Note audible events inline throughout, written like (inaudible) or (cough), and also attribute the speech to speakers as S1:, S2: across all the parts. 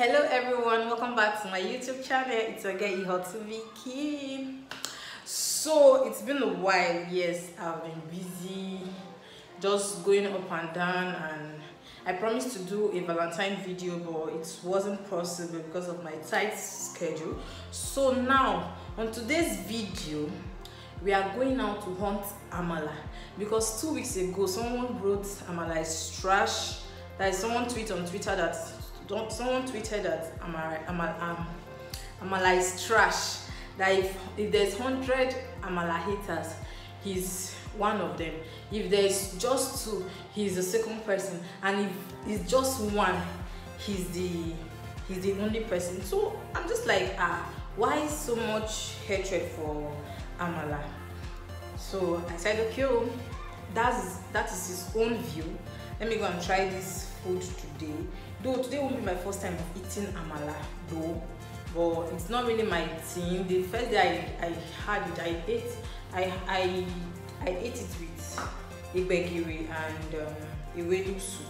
S1: hello everyone welcome back to my youtube channel it's again key so it's been a while yes i've been busy just going up and down and i promised to do a valentine video but it wasn't possible because of my tight schedule so now on today's video we are going out to hunt amala because two weeks ago someone wrote amala is trash there is someone tweet on twitter that someone tweeted that Amara, Amala, um, Amala is trash. That if, if there's 100 Amala haters, he's one of them. If there's just two, he's the second person. And if it's just one, he's the he's the only person. So I'm just like, ah, why so much hatred for Amala? So I said, okay, oh, that's that is his own view. Let me go and try this food today. Though today will be my first time eating amala, though, but it's not really my thing. The first day I, I had it, I ate, I, I, I ate it with ibegiri and um, ewedu soup.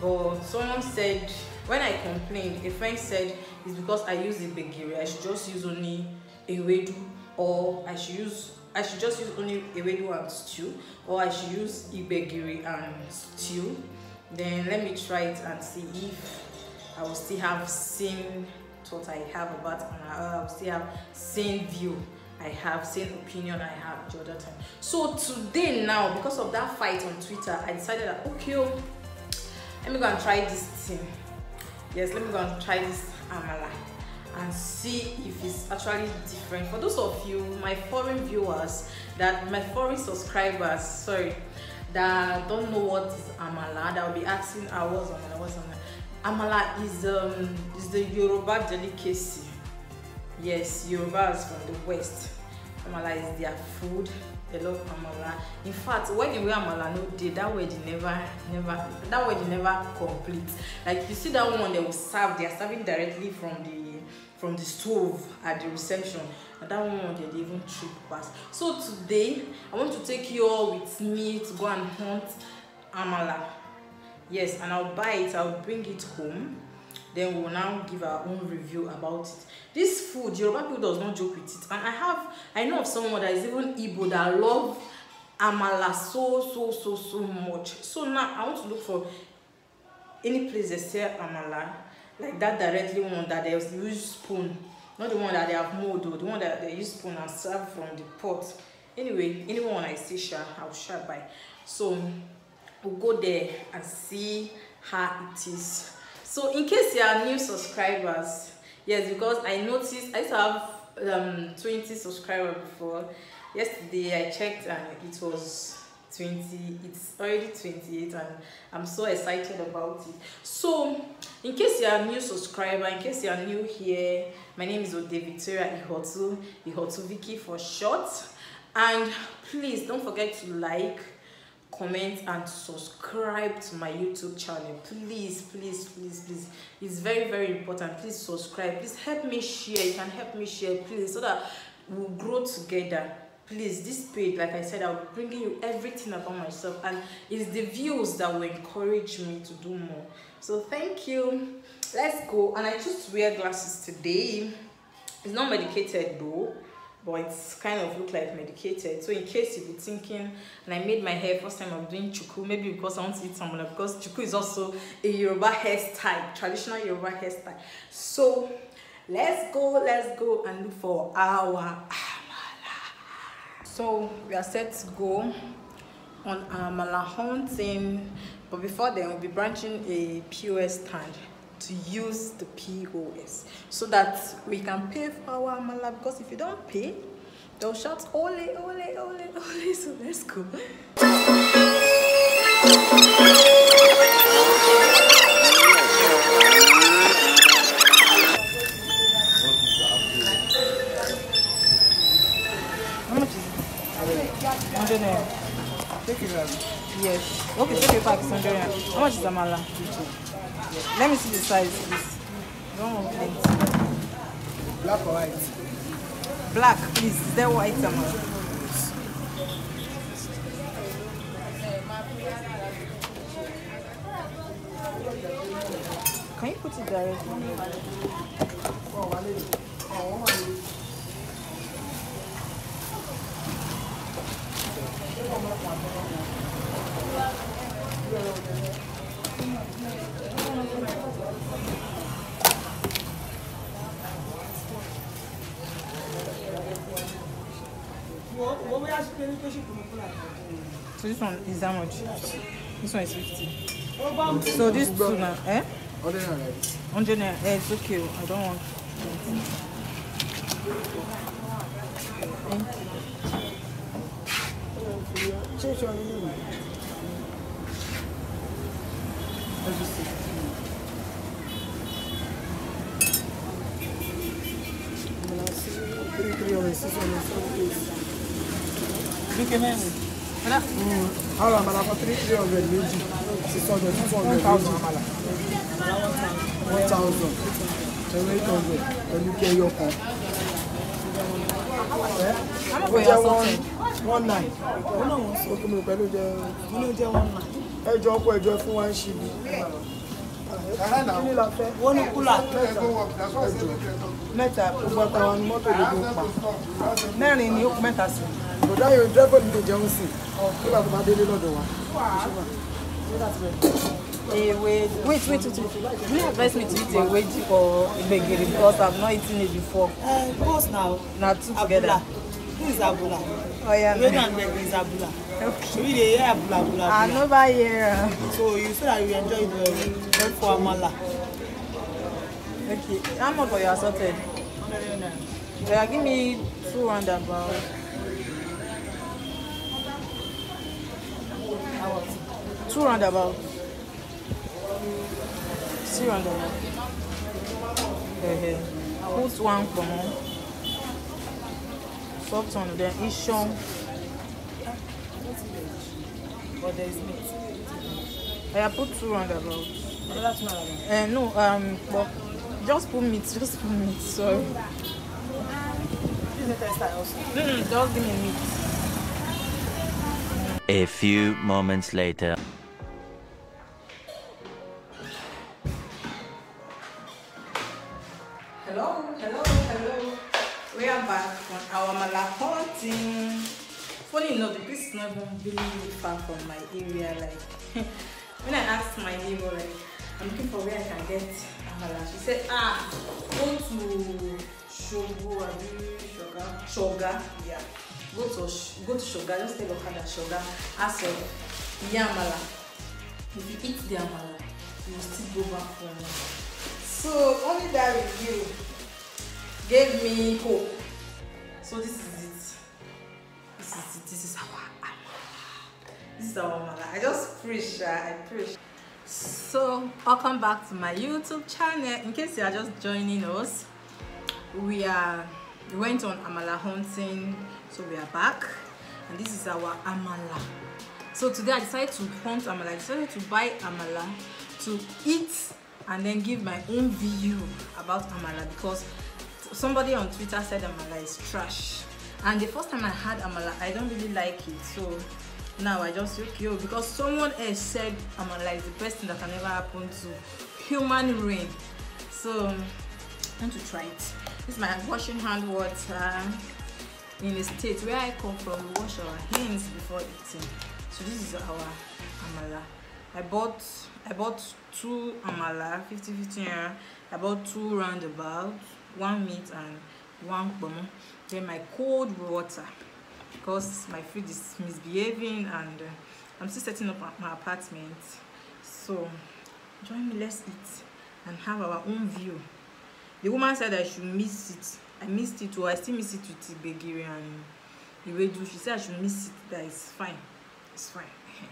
S1: But someone said, when I complained, a friend said it's because I use ibegiri. I should just use only ewedu, or I should use I should just use only ewedu and stew, or I should use ibegiri and stew. then let me try it and see if I will still have same thought I have about I will still have same view I have same opinion I have the other time so today now because of that fight on Twitter I decided that okay oh, let me go and try this thing yes let me go and try this Amala and see if it's actually different for those of you my foreign viewers that my foreign subscribers sorry that don't know what is amala that will be asking ah what's amala was amala amala is um is the yoruba delicacy yes yoruba is from the west amala is their food they love amala in fact when the way amala no dey that way they never never that way they never complete like you see that one they will serve they are serving directly from the from the stove at the reception and that one they dey even trip pass so today i want to take you all with me to go and hunt amala yes and i'll buy it i'll bring it home then we will now give our own review about it this food yoruba people does not joke with it and i have i know of someone that is even igbo that love amala so so so so much so now i want to look for any place they sell amala like that directly one that they use spoon not the one that they have mold or the one that they use spoon and serve from the pot anyway anyone i see sha i'll share by so we'll go there and see how it is so in case you are new subscribers yes because i noticed i have um 20 subscribers before yesterday i checked and it was 20 it's already 28 and i'm so excited about it so in case you are new subscriber in case you are new here my name is Ode Victoria Ihotu Ihotu Vicky for short and please don't forget to like comment and subscribe to my youtube channel please please please please it's very very important please subscribe please help me share you can help me share please so that we'll grow together please this page like i said i'm bringing you everything about myself and it's the views that will encourage me to do more so thank you let's go and i just wear glasses today it's not medicated though but it's kind of look like medicated so in case you be thinking and i made my hair first time i'm doing chuku maybe because i want to eat someone because chuku is also a yoruba hairstyle traditional yoruba hairstyle so let's go let's go and look for our so we are set to go on our mala hunting but before then we'll be branching a pos stand to use the pos so that we can pay for our mala because if you don't pay they'll shout ole ole ole ole (laughs) so let's go 100 naira. Take it out. Yes. Okay, take it back. 100 naira. How much is Amala? Let me see the size, please. Don't want plenty. Black or white? Black, please. Is there white Amala? Can you put it directly? Oh, So this one is how much? This one is 50. So this two now, eh? 100 naira. 100 naira. Eh, it's okay. I don't want. Thank you. Tchau, Fique mesmo. Hala mala for three three hundred meji six hundred two hundred thousand amala one thousand ẹ̀rọ eight hundred pẹ̀lú kí ẹyọ kan. Ó jẹ́ one. one nine. wọn náà wọn sọ pé mo pẹ̀lú jẹ wọn ló jẹ one nine. ẹjọ ọkọ ẹjọ fún wa ń ṣe mi. kí la fẹ́. wọ́n ní kúlà mẹ́ta gbogbo àtàwọn ni mọ́tò ló ló pa mẹ́rin ni ó kú mẹ́ta sí. bọ̀dá yóò dẹ́gbẹ́ mi lè jẹun sí i nígbà tó bá délé lọ́dọ̀ wa. Ewe, wait, wait, wait, wait. Do you advise me to eat a wedgie or gbegiri because I've not eaten it before? Uh, of course now. Na two together. Abula. This is abula. Oya. Oh, you don't make this abula. Okay. We dey hear abula abula. I ah, no buy here. So you feel that you enjoy the work for Amala. Okay. How much for your assorted? Hundred naira. Oya, give me two round about. Two round about. Three round about. Okay. Put one for me. soft one, then But there is meat. I put two Uh, no, um, but just put meat, (laughs) just put meat, sorry. Mm, give me meat. A few moments later. asked my neighbor, like, I'm looking for where I can get Amala. She said, ah, go to Shogo, Shoga. Shoga, yeah. Go to, go to Shoga, just take Okada, Shoga, ask for Yamala. If you eat the Amala, you will still go back for me. So, only that review gave me hope. So, this is it. This is it. This is our Amala. This is our Amala. I just preach, uh, I preach. so welcome back to my youtube channel in case you are just joining us we are we went on amala hunting so we are back and this is our amala so today i decided to hunt amala i decided to buy amala to eat and then give my own view about amala because somebody on twitter said amala is trash and the first time i had amala i don't really like it so now i just look yo because someone else said i'm like the best thing that can ever happen to human rain so I'm um, want to try it this is my washing hand water in the state where i come from we wash our hands before eating so this is our amala i bought i bought two amala 50 50 naira i bought two roundabout one meat and one pomo then my cold water because my fridge is misbehaving and uh, I'm still setting up my apartment. So join me, let's eat and have our own view. The woman said I should miss it. I missed it, or oh, I still miss it with Begiri and Iwedu. She said I should miss it, That's it's fine. It's fine. (laughs)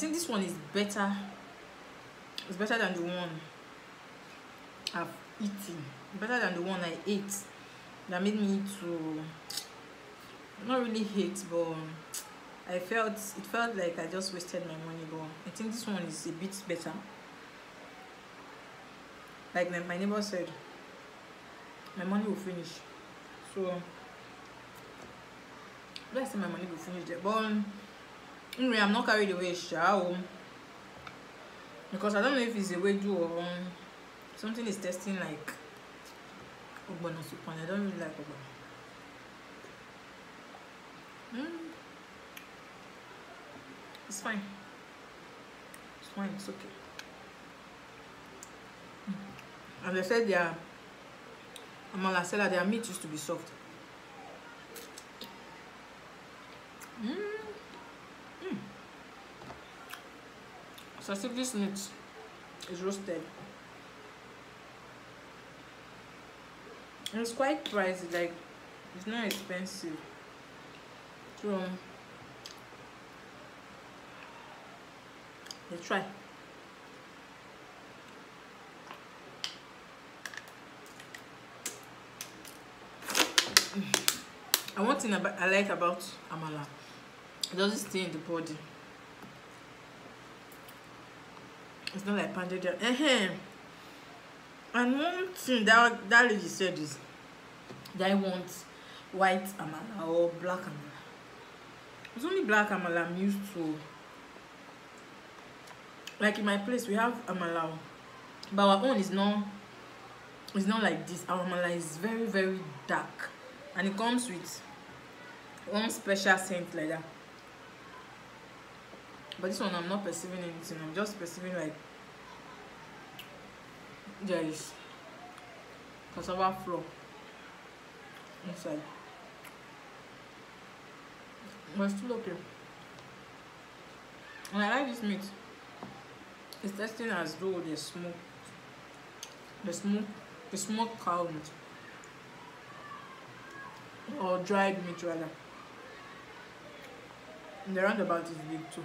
S1: think this one is better it's better than the one I've eaten better than the one I ate that made me to not really hate but I felt it felt like I just wasted my money but I think this one is a bit better like my neighbor said my money will finish so let's say my money will finish there but anyway i'm not carried away sha because i don't know if it's a wedu or um, something is tasting like ogbono soup and i don't really like ogbono mm. it's fine it's fine it's okay hmm. and they said their amala said that their meat used to be soft So I see this meat is roasted. And it's quite pricey, like it's not expensive. So um, let's try. Mm. And one thing I like about Amala, it doesn't stay in the body. It's not like pounded yam. Uh -huh. And one thing that that lady said is that I want white amala or black amala. It's only black amala I'm used to. Like in my place, we have amala, but our own is not. It's not like this. Our amala is very very dark, and it comes with one special scent like that but this one i'm not perceiving anything i'm just perceiving like there is cassava flour inside but it's still okay and i like this meat it's tasting as though the smoke the smoke the smoked cow meat or dried meat rather the roundabout is big too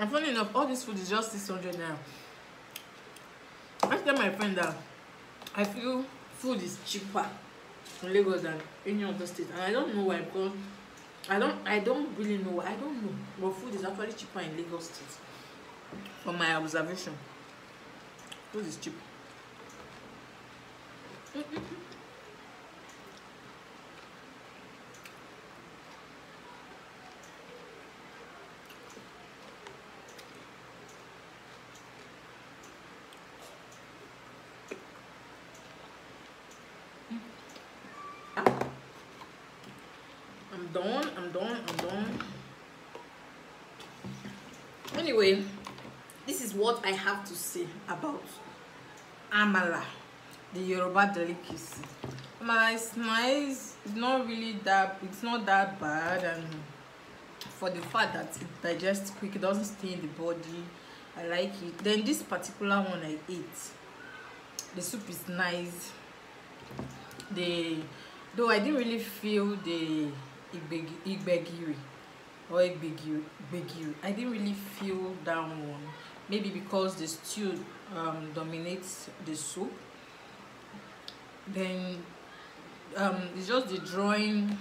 S1: And funny enough, all this food is just 600 now. I tell my friend that I feel food is cheaper in Lagos than any other state. And I don't know why because I don't I don't really know. I don't know. But food is actually cheaper in Lagos state. From my observation. Food is cheap. Mm -mm what I have to say about Amala, the Yoruba delicacy. Amala is nice, it's not really that, it's not that bad and for the fact that it digests quick, it doesn't stay in the body, I like it. Then this particular one I ate, the soup is nice, the, though I didn't really feel the igbegiri or igbegiri, I didn't really feel that one maybe because the stew um, dominates the soup then um, it's just the drawing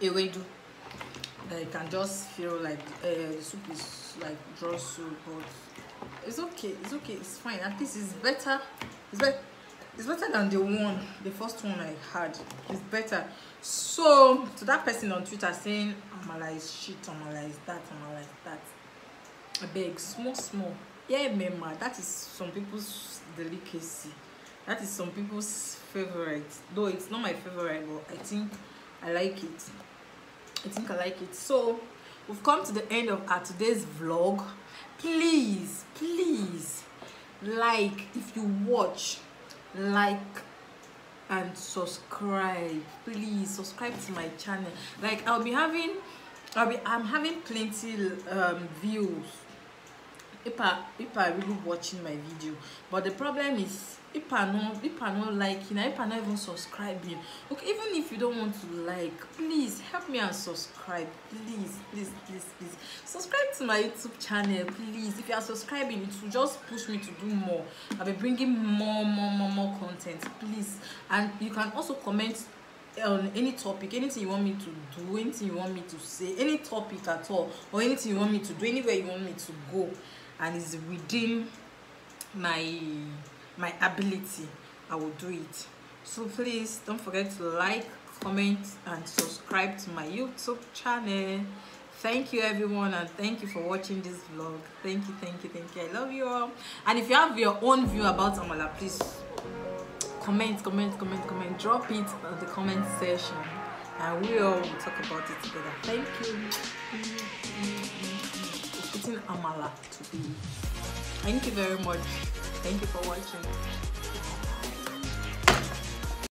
S1: ewedu that you can just feel like uh, the soup is like draw soup but it's okay it's okay it's fine at least it's better it's better it's better than the one the first one i had it's better so to that person on twitter saying amala is shit amala is that amala is that I beg small small yeah mema that is some people's delicacy that is some people's favorite though it's not my favorite but I think I like it I think I like it so we've come to the end of our today's vlog please please like if you watch like and subscribe please subscribe to my channel like i'll be having i'll be i'm having plenty um views ipa ipa really watching my video but the problem is ipa no ipa no liking na ipa not even subscribing okay even if you don't want to like please help me and subscribe please please please please subscribe to my youtube channel please if you are subscribing it will just push me to do more i'll be bringing more more more more content please and you can also comment on any topic anything you want me to do anything you want me to say any topic at all or anything you want me to do anywhere you want me to go and is within my my ability i will do it so please don't forget to like comment and subscribe to my youtube channel thank you everyone and thank you for watching this vlog thank you thank you thank you i love you all and if you have your own view about amala please comment comment comment comment drop it in the comment section and we all will talk about it together thank you eating amala be. Thank you very much. Thank you for watching.